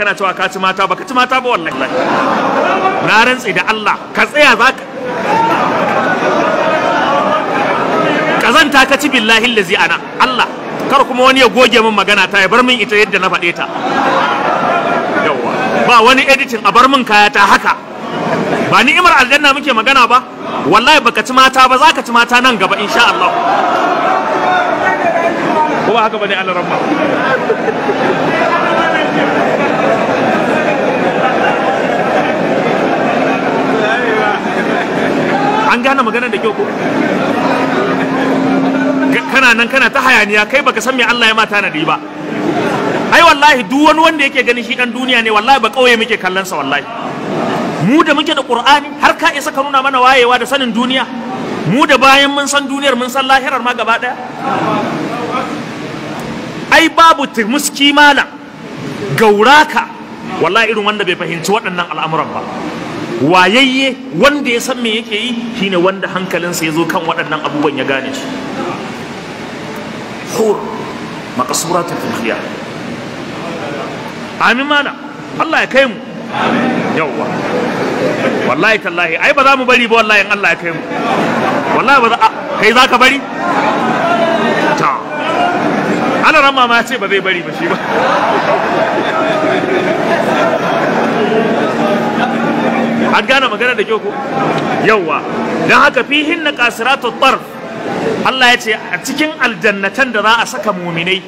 kana cewa ka ci mata ba ka ci mata ba wallahi na rantsi da Allah ka tsaya za ka kazanta ka ci billahi allazi ana Allah kar kuma wani ya goge min magana ta ya bar min ita yadda na faɗe ta yawa ba wani editing a bar min kaya ta haka ba ni'imar aljanna muke magana ba wallahi baka ci mata ba za ka ci mata nan gaba insha Allah ko ba haka bane Allah ramma an gane magana da kyau ko kana nan kana ta hayaniya kai baka san me Allah ya mata na ba ai wallahi duk wani wanda yake gani shi dan duniya ne wallahi ba kauye muke kallon sa wallahi mu da muke da qur'ani har ka isa ka nuna mana wayewa da sanin duniya mu da bayan mun san duniyar mun san lahirar ma gaba daya ai babu turmuski malam gauraka wallahi irin wanda bai fahimci waɗannan al'amuran ba wayayye wanda ya san me yake yi shine wanda hankalinsa ya zo kan waɗannan abubuwan ya gane su hur maqsuratun fil khiyar amin mana Allah ya kai mu yawwa wallahi tallahi ai ba za mu bari ba wallahi in Allah ya kai mu wallahi ba za kai zaka bari ta alaran mama ya ce ba zai bari ba shi ba an gane magana da kyau ko yawwa don haka fihin na kasiratu tarf Allah ya ce a cikin aljannatan da za a saka muminai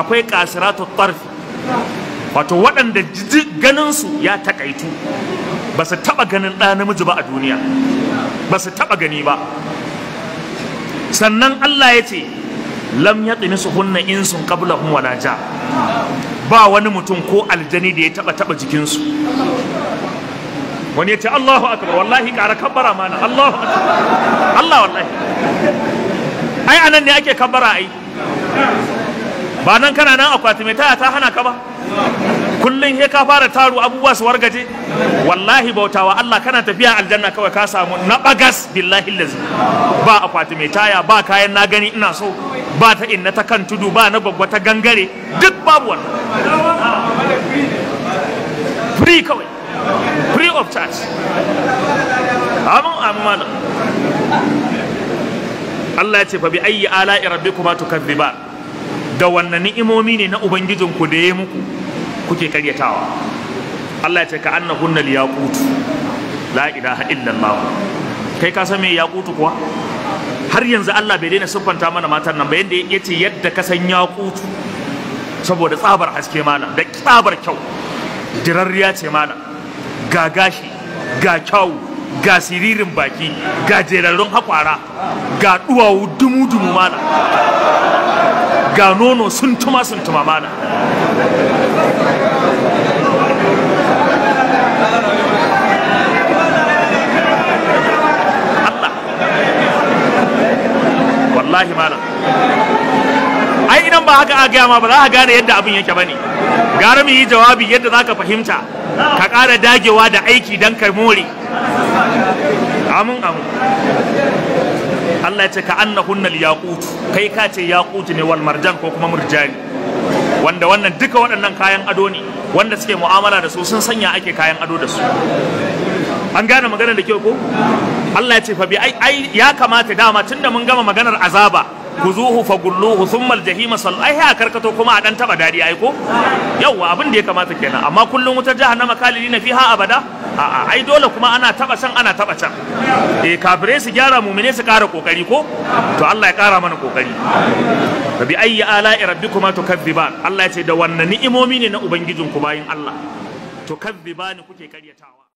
akwai kasiratu tarf wato waɗanda ganinsu ya takaitu ba su taɓa ganin ɗa namiji ba a duniya ba su taɓa gani ba sannan Allah ya ce lam yatmisuhunna insun qablahum wala ja ba wani mutum ko aljani da ya taba taba jikinsu wani ya ce Allahu akbar wallahi kara kabbara mana Allahu akbar Allah wallahi ai anan ne ake kabbara ai ba nan kana nan akwati mai taya ta hana ka ba kullum he ka fara taru abubuwa su wargaje wallahi bautawa Allah kana tafiya aljanna kawai ka samu na bagas billahi lazi ba akwati mai taya ba kayan na gani ina so ba ta inna ta kan tudu ba na babba ta gangare duk babu wannan free kawai free of charge amin amma. malam Allah ya ce fa bi ayyi ala'i rabbikuma tukazziba da wannan ni'imomi ne na ku da ya muku kuke karyatawa Allah ya ce ka annahunna yaqut la ilaha allah kai ka san me yaqutu kuwa har yanzu Allah bai daina siffanta mana matan nan ba yanda ya ce yadda ka san ya kutu saboda tsabar haske mana da tsabar kyau dirarriya ce mana. ga gashi ga kyau ga siririn baki ga jerarrun hakwara ga duwawu dumu-dumu mana, ga nono sun tuma sun tuma mana wallahi malam ai idan ba haka a gaya ma ba za ka gane yadda abin yake bane gara mu yi jawabi yadda za ka fahimta ka ƙara dagewa da aiki don ka more amin amin Allah ya ce ka annahunna yaqut kai ka ce yaqut ne wal marjan ko kuma murjani wanda wannan duka waɗannan kayan ado ne wanda suke mu'amala da su sun sanya ake kayan ado da su an gane maganar da kyau ko Allah ya ce fa bi ai ya kamata dama tunda mun gama maganar azaba kuzuhu fa gulluhu thumma aljahima sal ai ha karkato kuma a dan taba dadi ai ko yawa abin da ya kamata kenan amma kullum wutar jahannama kalilina fiha abada a ai dole kuma ana taba can ana taba can eh kabire su gyara mu'mine su kara kokari ko to Allah ya kara mana kokari fa bi rabi ala'i rabbikuma tukadziban Allah ya ce da wannan ni'imomi ne na ubangijinku bayin Allah tukadziban kuke karyatawa